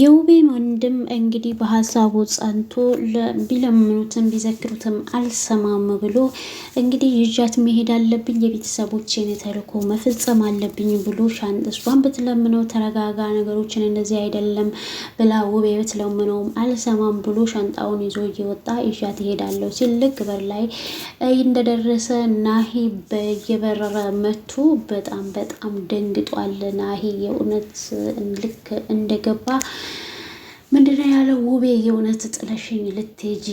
የውቤ ወንድም እንግዲህ በሀሳቡ ጸንቶ ቢለምኑትም ቢዘክሩትም አልሰማም ብሎ እንግዲህ ይዣት መሄድ አለብኝ የቤተሰቦቼን ተልዕኮ መፈጸም አለብኝ ብሎ ሻንጥሷን ብትለምነው ተረጋጋ፣ ነገሮችን እንደዚህ አይደለም ብላ ውቤ ብትለምነውም አልሰማም ብሎ ሻንጣውን ይዞ እየወጣ ይዣት እሄዳለሁ ሲል ልክ በር ላይ እንደደረሰ ናሂ በየበረረ መቱ። በጣም በጣም ደንግጧል ናሂ የእውነት ልክ እንደገባ ምንድነው ያለው ውቤ የእውነት ጥለሽኝ ልትሄጂ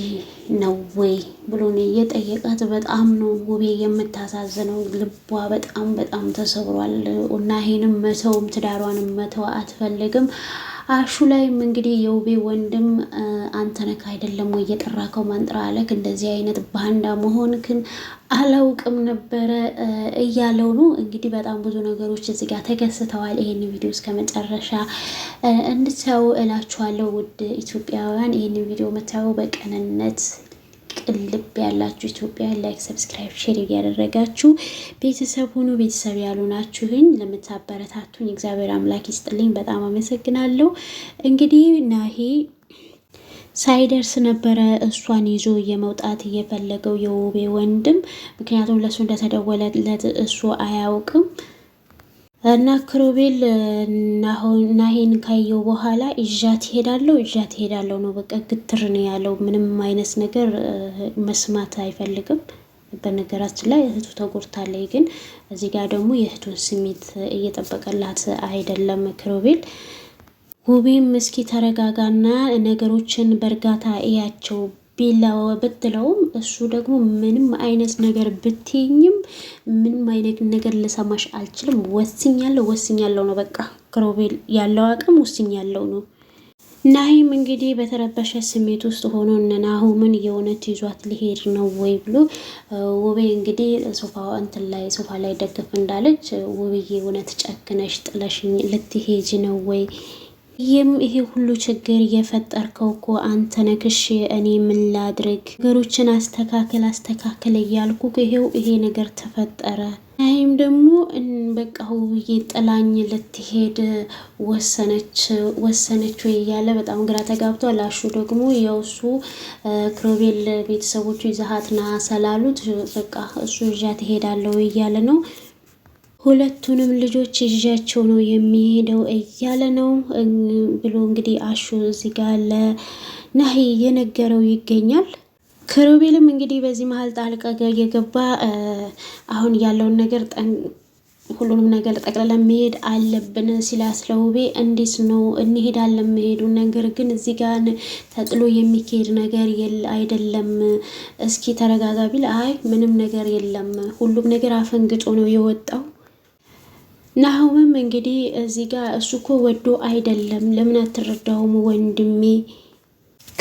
ነው ወይ ብሎ ነው የጠየቃት። በጣም ነው ውቤ የምታሳዝነው። ልቧ በጣም በጣም ተሰብሯል እና ይሄንም መተውም ትዳሯንም መተው አትፈልግም። አሹ ላይም እንግዲህ የውቤ ወንድም አንተነክ አይደለም ወይ የጠራከው አለክ እንደዚህ አይነት ባንዳ መሆንክን አላውቅም ነበረ እያለው ነው እንግዲህ በጣም ብዙ ነገሮች እዚህ ጋር ተከስተዋል። ይህን ቪዲዮ እስከ መጨረሻ እንድታዩ እላችኋለሁ። ውድ ኢትዮጵያውያን ይህን ቪዲዮ መታየው በቀንነት ቅልብ ያላችሁ ኢትዮጵያ ላይክ፣ ሰብስክራይብ፣ ሼር እያደረጋችሁ ቤተሰብ ሁኑ። ቤተሰብ ያሉ ናችሁኝ ለምታበረታቱኝ እግዚአብሔር አምላክ ይስጥልኝ። በጣም አመሰግናለሁ። እንግዲህ ናሂ ሳይደርስ ነበረ እሷን ይዞ የመውጣት እየፈለገው የውቤ ወንድም፣ ምክንያቱም ለእሱ እንደተደወለለት እሱ አያውቅም። እና ክሩቤል ናሄን ካየው በኋላ እዣት ሄዳለው እዣት ሄዳለው ነው በቃ ግትር ነው ያለው። ምንም አይነት ነገር መስማት አይፈልግም። በነገራችን ላይ እህቱ ተጎድታለች፣ ግን እዚህ ጋር ደግሞ የእህቱን ስሜት እየጠበቀላት አይደለም ክሩቤል። ውቤም እስኪ ተረጋጋና ነገሮችን በእርጋታ እያቸው ቢላ ብትለውም እሱ ደግሞ ምንም አይነት ነገር ብትይኝም ምንም አይነት ነገር ልሰማሽ አልችልም፣ ወስኛለሁ ወስኛለሁ ነው በቃ። ክሮቤል ያለው አቅም ወስኛለሁ ነው። ናሂም እንግዲህ በተረበሸ ስሜት ውስጥ ሆኖ እነ ናሆምን የእውነት ይዟት ሊሄድ ነው ወይ ብሎ ውቤ እንግዲህ ሶፋ እንትን ላይ ሶፋ ላይ ደግፍ እንዳለች ውብዬ፣ እውነት ጨክነሽ ጥለሽኝ ልትሄጂ ነው ወይ ይህም ይሄ ሁሉ ችግር እየፈጠርከው እኮ አንተ ነክሽ። እኔ ምን ላድርግ? ነገሮችን አስተካከል አስተካከል እያልኩ ይሄው ይሄ ነገር ተፈጠረ። ይህም ደግሞ በቃ ውዬ ጥላኝ ልትሄድ ወሰነች ወሰነች ወይ እያለ በጣም ግራ ተጋብቷል። ላሹ ደግሞ የውሱ ክሮቤል ቤተሰቦቹ ይዛሀት ሰላሉት በቃ እሱ እዣ ትሄዳለሁ እያለ ነው ሁለቱንም ልጆች ይዣቸው ነው የሚሄደው እያለ ነው ብሎ እንግዲህ አሹ እዚህ ጋር ለናሂ የነገረው ይገኛል። ክሩቤልም እንግዲህ በዚህ መሀል ጣልቃ የገባ አሁን ያለውን ነገር ሁሉንም ነገር ጠቅላላ መሄድ አለብን ሲላስለውቤ እንዴት ነው እንሄዳለን መሄዱ ነገር ግን እዚህ ጋር ተጥሎ የሚካሄድ ነገር አይደለም፣ እስኪ ተረጋጋ ቢል አይ ምንም ነገር የለም ሁሉም ነገር አፈንግጦ ነው የወጣው ናሁምም እንግዲህ እዚህ ጋር እሱ እኮ ወዶ አይደለም፣ ለምን አትረዳውም ወንድሜ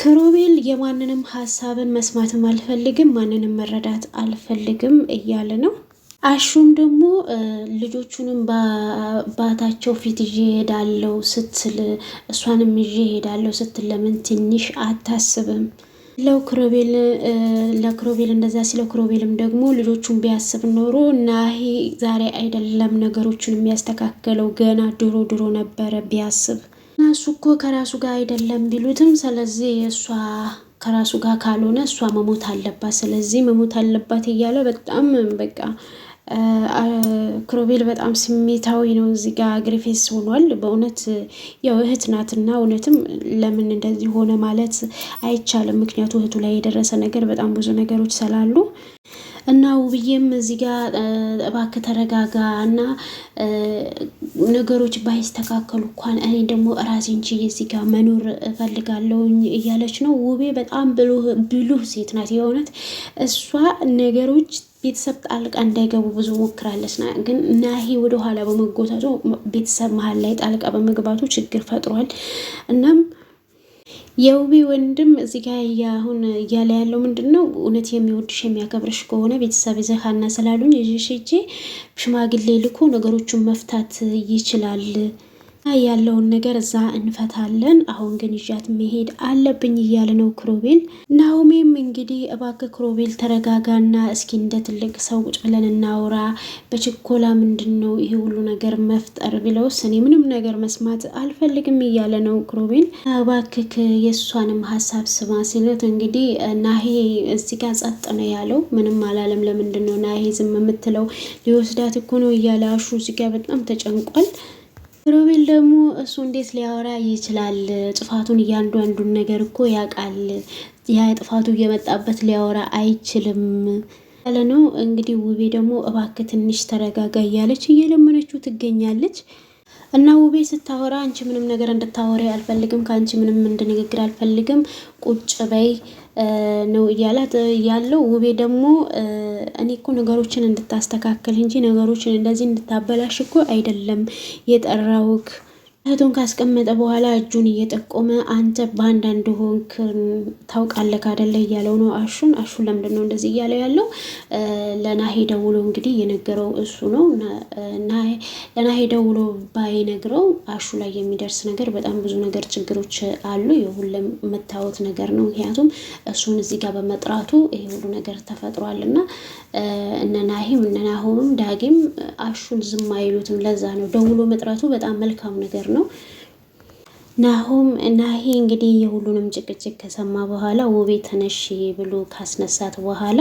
ክሮቤል የማንንም ሀሳብን መስማትም አልፈልግም፣ ማንንም መረዳት አልፈልግም እያለ ነው። አሹም ደግሞ ልጆቹንም በአባታቸው ፊት ይዤ ስትል እሷንም ይዤ ሄዳለው ስትል ለምን ትንሽ አታስብም? ለክሮቤል ለክሮቤል እንደዛ ሲለው ክሮቤልም ደግሞ ልጆቹን ቢያስብ ኖሮ ናሂ ዛሬ አይደለም ነገሮችን የሚያስተካከለው ገና ድሮ ድሮ ነበረ ቢያስብ እና እሱ እኮ ከራሱ ጋር አይደለም ቢሉትም፣ ስለዚህ እሷ ከራሱ ጋር ካልሆነ እሷ መሞት አለባት፣ ስለዚህ መሞት አለባት እያለ በጣም በቃ ክሮቤል በጣም ስሜታዊ ነው። እዚህ ጋ ግሪፌስ ሆኗል። በእውነት ያው እህት ናትና እውነትም ለምን እንደዚህ ሆነ ማለት አይቻልም። ምክንያቱ እህቱ ላይ የደረሰ ነገር በጣም ብዙ ነገሮች ስላሉ እና ውብዬም እዚህ ጋ እባክህ ተረጋጋ እና ነገሮች ባይስተካከሉ እንኳን እኔ ደግሞ ራሴን ችዬ እዚህ ጋ መኖር እፈልጋለሁኝ እያለች ነው። ውቤ በጣም ብሉህ ሴት ናት የእውነት እሷ ነገሮች ቤተሰብ ጣልቃ እንዳይገቡ ብዙ ሞክራለች። ግን ናሂ ወደኋላ በመጎታቱ ቤተሰብ መሀል ላይ ጣልቃ በመግባቱ ችግር ፈጥሯል። እናም የውቢ ወንድም እዚህ ጋ አሁን እያለ ያለው ምንድን ነው? እውነት የሚወድሽ የሚያከብርሽ ከሆነ ቤተሰብ ይዘሃና ስላሉኝ ይዤ ሽጄ ሽማግሌ ልኮ ነገሮቹን መፍታት ይችላል። ያለውን ነገር እዛ እንፈታለን። አሁን ግን ይዣት መሄድ አለብኝ እያለ ነው ክሮቤል። ናሆሜም እንግዲህ እባክህ ክሮቤል ተረጋጋና እስኪ እንደ ትልቅ ሰው ቁጭ ብለን እናውራ፣ በችኮላ ምንድን ነው ይሄ ሁሉ ነገር መፍጠር ቢለውስ እኔ ምንም ነገር መስማት አልፈልግም እያለ ነው ክሮቤል። እባክህ የእሷንም ሀሳብ ስማ ሲለት እንግዲህ ናሄ እዚህ ጋር ጸጥ ነው ያለው፣ ምንም አላለም። ለምንድን ነው ናሄ ዝም የምትለው? ሊወስዳት እኮ ነው እያለ አሹ እዚህ ጋር በጣም ተጨንቋል። ሮቤል ደግሞ እሱ እንዴት ሊያወራ ይችላል? ጥፋቱን እያንዳንዱን ነገር እኮ ያውቃል። ያ ጥፋቱ እየመጣበት ሊያወራ አይችልም ያለ ነው። እንግዲህ ውቤ ደግሞ እባክህ ትንሽ ተረጋጋ እያለች እየለመነችው ትገኛለች። እና ውቤ ስታወራ አንቺ ምንም ነገር እንድታወሪ አልፈልግም፣ ከአንቺ ምንም እንድንግግር አልፈልግም፣ ቁጭ በይ ነው እያላት ያለው። ውቤ ደግሞ እኔ እኮ ነገሮችን እንድታስተካከል እንጂ ነገሮችን እንደዚህ እንድታበላሽ እኮ አይደለም የጠራውክ እህቱን ካስቀመጠ በኋላ እጁን እየጠቆመ አንተ በአንድ አንድ ሆንክ ታውቃለህ አይደለ እያለው ነው አሹን። አሹን ለምንድን ነው እንደዚህ እያለው ያለው? ለናሄ ደውሎ እንግዲህ የነገረው እሱ ነው። ለናሄ ደውሎ ባይነግረው አሹ ላይ የሚደርስ ነገር በጣም ብዙ ነገር ችግሮች አሉ። የሁለም መታወት ነገር ነው። ምክንያቱም እሱን እዚህ ጋር በመጥራቱ ይሄ ሁሉ ነገር ተፈጥሯል እና እነ ናሂም እነ ናሆምም ዳጊም አሹን ዝም አይሉትም። ለዛ ነው ደውሎ መጥራቱ በጣም መልካም ነገር ነው። ነው። ናሁም ናሂ እንግዲህ የሁሉንም ጭቅጭቅ ከሰማ በኋላ ውቤ ተነሽ ብሎ ካስነሳት በኋላ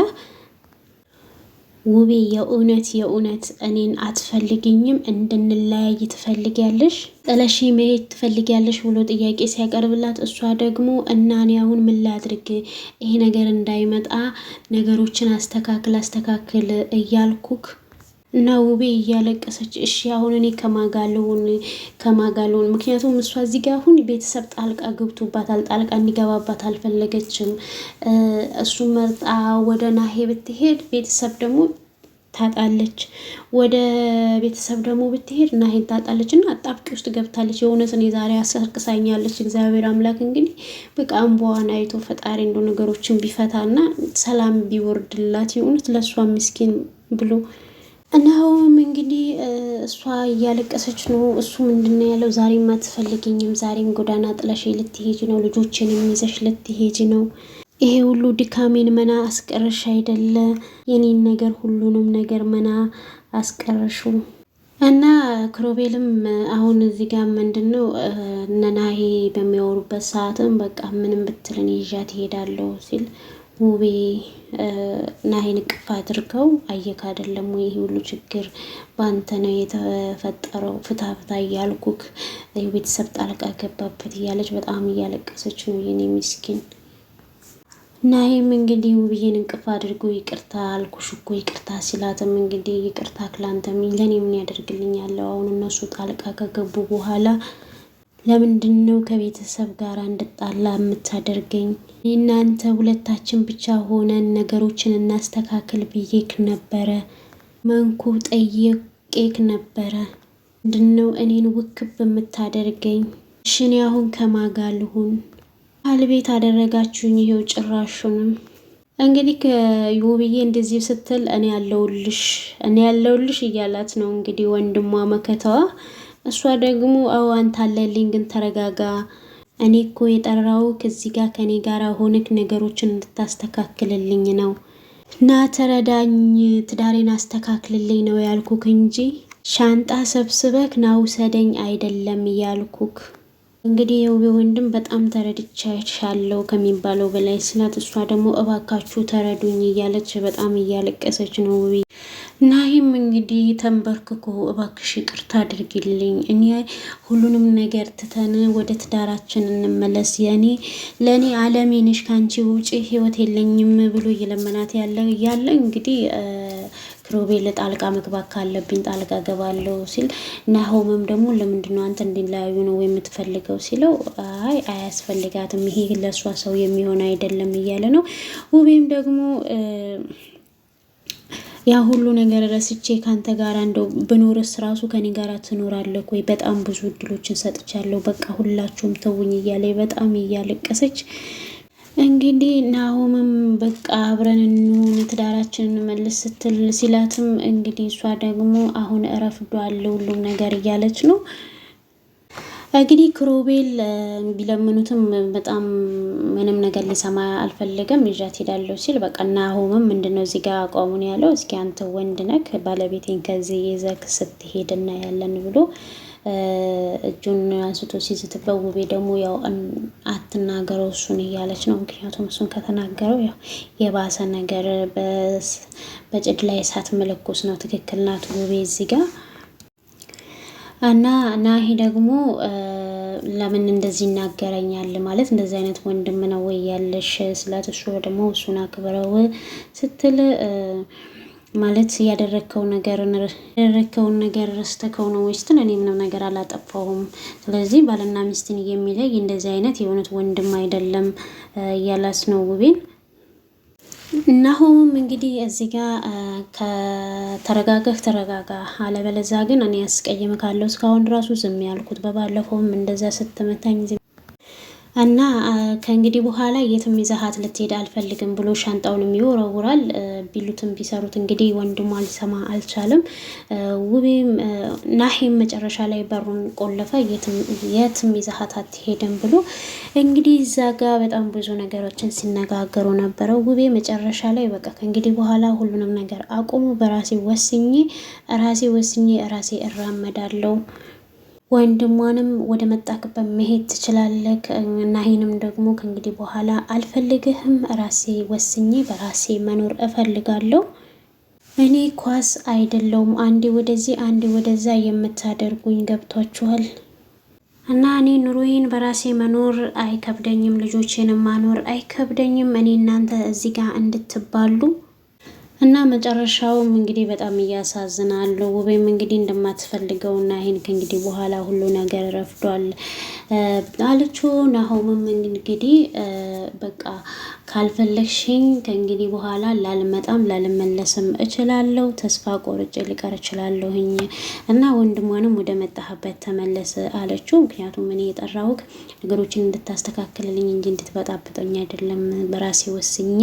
ውቤ የእውነት የእውነት እኔን አትፈልግኝም እንድንለያይ ትፈልጊያለሽ? ጥለሽ መሄድ ትፈልጊያለሽ? ብሎ ጥያቄ ሲያቀርብላት እሷ ደግሞ እና እኔ አሁን ምን ላድርግ? ይሄ ነገር እንዳይመጣ ነገሮችን አስተካክል አስተካክል እያልኩክ እና ውቤ እያለቀሰች እሺ አሁን እኔ ከማጋለውን ከማጋለውን ምክንያቱም እሷ እዚህ ጋር አሁን ቤተሰብ ጣልቃ ገብቶባታል። ጣልቃ እንዲገባባት አልፈለገችም። እሱ መርጣ ወደ ናሄ ብትሄድ ቤተሰብ ደግሞ ታጣለች። ወደ ቤተሰብ ደግሞ ብትሄድ ናሄን ታጣለች። እና አጣብቂ ውስጥ ገብታለች። የእውነትን ዛሬ አስርቅሳኛለች። እግዚአብሔር አምላክ እንግዲህ በቃ እንባዋን አይቶ ፈጣሪ እንደ ነገሮችን ቢፈታ እና ሰላም ቢወርድላት የእውነት ለእሷ ምስኪን ብሎ እናውም እንግዲህ እሷ እያለቀሰች ነው። እሱ ምንድን ነው ያለው? ዛሬም አትፈልግኝም፣ ዛሬም ጎዳና ጥለሽ ልትሄጅ ነው፣ ልጆችንም ይዘሽ ልትሄጅ ነው። ይሄ ሁሉ ድካሜን መና አስቀረሽ አይደለ? የኔን ነገር ሁሉንም ነገር መና አስቀረሹ። እና ክሮቤልም አሁን እዚህ ጋር ምንድን ነው እነ ናሂ በሚያወሩበት ሰዓትም በቃ ምንም ብትልን ይዣት እሄዳለሁ ሲል ውቤ ናሂን እቅፍ አድርገው አየክ አይደለም ወይ? ይህ ሁሉ ችግር በአንተ ነው የተፈጠረው፣ ፍታ ፍታ እያልኩክ የቤተሰብ ጣልቃ ገባበት እያለች በጣም እያለቀሰች ነው የኔ ምስኪን። ናሂም እንግዲህ ውብዬን እንቅፍ አድርጎ ይቅርታ አልኩሽ እኮ ይቅርታ ሲላትም እንግዲህ ይቅርታ ክላንተም ለእኔ ምን ያደርግልኛል አሁን እነሱ ጣልቃ ከገቡ በኋላ ለምንድን ነው ከቤተሰብ ጋር እንድጣላ የምታደርገኝ? እናንተ ሁለታችን ብቻ ሆነን ነገሮችን እናስተካክል ብዬክ ነበረ። መንኩ ጠየቄክ ነበረ። ምንድን ነው እኔን ውክብ የምታደርገኝ? እሽኔ አሁን ከማጋ ልሁን? አልቤት አደረጋችሁኝ። ይሄው ጭራሹንም እንግዲህ ውብዬ እንደዚህ ስትል እኔ ያለውልሽ እኔ ያለውልሽ እያላት ነው እንግዲህ ወንድሟ መከተዋ እሷ ደግሞ አዎ አንተ አለልኝ፣ ግን ተረጋጋ። እኔ እኮ የጠራው ከዚህ ጋር ከኔ ጋር ሆነክ ነገሮችን እንድታስተካክልልኝ ነው እና ተረዳኝ፣ ትዳሬን አስተካክልልኝ ነው ያልኩክ እንጂ ሻንጣ ሰብስበክ ና ውሰደኝ አይደለም እያልኩክ። እንግዲህ የውቤ ወንድም በጣም ተረድቻለሁ ከሚባለው በላይ ስናት፣ እሷ ደግሞ እባካችሁ ተረዱኝ እያለች በጣም እያለቀሰች ነው ውቤ ናሂም እንግዲህ ተንበርክኮ እባክሽ ይቅርታ አድርግልኝ፣ እኔ ሁሉንም ነገር ትተን ወደ ትዳራችን እንመለስ፣ የኔ ለእኔ አለሜ ነሽ፣ ከአንቺ ውጪ ህይወት የለኝም ብሎ እየለመናት ያለ እያለ እንግዲህ ክሮቤል ጣልቃ መግባት ካለብኝ ጣልቃ ገባለሁ ሲል ናሆምም ደግሞ ነው አንተ እንዲለያዩ ነው የምትፈልገው ሲለው አይ አያስፈልጋትም፣ ይሄ ለእሷ ሰው የሚሆን አይደለም እያለ ነው። ውቤም ደግሞ ያ ሁሉ ነገር ረስቼ ከአንተ ጋር እንደው ብኖርስ ራሱ ከኔ ጋር ትኖራለህ ወይ? በጣም ብዙ እድሎችን ሰጥቻለሁ፣ በቃ ሁላችሁም ተውኝ እያለ በጣም እያለቀሰች እንግዲህ ናሆምም በቃ አብረን እንሆን ትዳራችንን እንመልስ ስትል ሲላትም እንግዲህ እሷ ደግሞ አሁን እረፍዷል ሁሉም ነገር እያለች ነው እንግዲህ ክሮቤል ቢለምኑትም በጣም ምንም ነገር ሊሰማ አልፈለገም። ይዣት ሄዳለሁ ሲል በቃ ናሆምም ምንድነው ነው እዚህ ጋር አቋሙን ያለው እስኪ አንተ ወንድ ነክ ባለቤቴን ከዚህ ይዘህ ስትሄድ እናያለን ብሎ እጁን አንስቶ ሲዝትበት ውቤ ደግሞ ያው አትናገረው እሱን እያለች ነው። ምክንያቱም እሱን ከተናገረው ያው የባሰ ነገር በጭድ ላይ እሳት መለኮስ ነው። ትክክል ናት ውቤ እዚህ ጋር እና ናሂ ደግሞ ለምን እንደዚህ ይናገረኛል? ማለት እንደዚህ አይነት ወንድም ነው ወይ ያለሽ ስላት እሱ ደግሞ እሱን አክብረው ስትል ማለት ያደረግከው ነገር ያደረግከውን ነገር ረስተከው ነው ወይስ እኔ ምንም ነገር አላጠፋሁም። ስለዚህ ባልና ሚስትን የሚለይ እንደዚህ አይነት የእውነት ወንድም አይደለም እያላት ነው ውቤን እናሁም እንግዲህ እዚህ ጋር ከተረጋገህ ተረጋጋ፣ አለበለዛ ግን እኔ ያስቀይም ካለው እስካሁን ራሱ ዝም ያልኩት በባለፈውም እንደዚያ ስትመታኝ እና ከእንግዲህ በኋላ የትም ይዘሃት ልትሄድ አልፈልግም ብሎ ሻንጣውንም ይወረውራል። ቢሉትም ቢሰሩት እንግዲህ ወንድሟ ሊሰማ አልቻለም። ውቤም ናሄም መጨረሻ ላይ በሩን ቆለፈ። የትም ይዘሃት አትሄድም ብሎ እንግዲህ እዛ ጋ በጣም ብዙ ነገሮችን ሲነጋገሩ ነበረ። ውቤ መጨረሻ ላይ በቃ ከእንግዲህ በኋላ ሁሉንም ነገር አቁሙ፣ በራሴ ወስኜ ራሴ ወስኜ ራሴ እራመዳለው ወንድሟንም ወደ መጣክበት መሄድ ትችላለህ እና ይህንም ደግሞ ከእንግዲህ በኋላ አልፈልግህም፣ ራሴ ወስኜ በራሴ መኖር እፈልጋለሁ። እኔ ኳስ አይደለውም አንዴ ወደዚህ አንዴ ወደዛ የምታደርጉኝ ገብቷችኋል። እና እኔ ኑሮዬን በራሴ መኖር አይከብደኝም፣ ልጆቼንም ማኖር አይከብደኝም። እኔ እናንተ እዚህ ጋር እንድትባሉ እና መጨረሻውም እንግዲህ በጣም እያሳዝናሉ። ውቤም እንግዲህ እንደማትፈልገው እና ይህን ከእንግዲህ በኋላ ሁሉ ነገር ረፍዷል አለችው። ናሆምም እንግዲህ በቃ ካልፈለግሽኝ ከእንግዲህ በኋላ ላልመጣም ላልመለስም እችላለሁ፣ ተስፋ ቆርጬ ልቀር እችላለሁኝ እና ወንድሟንም ወደ መጣህበት ተመለስ አለችው። ምክንያቱም እኔ የጠራሁህ ነገሮችን እንድታስተካክልልኝ እንጂ እንድትበጣብጠኝ አይደለም። በራሴ ወስኜ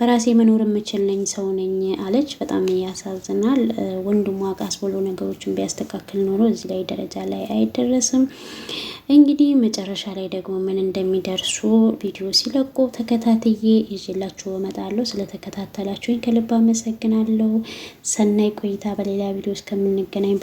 በራሴ መኖር የምችል ሰው ነኝ ነኝ አለች። በጣም ያሳዝናል። ወንድሟ ቃስ ብሎ ነገሮችን ቢያስተካክል ኖሮ እዚህ ላይ ደረጃ ላይ አይደረስም። እንግዲህ መጨረሻ ላይ ደግሞ ምን እንደሚደርሱ ቪዲዮ ሲለቁ ተከታትዬ ይዤላችሁ እመጣለሁ። ስለተከታተላችሁኝ ከልብ አመሰግናለሁ። ሰናይ ቆይታ። በሌላ ቪዲዮ እስከምንገናኝ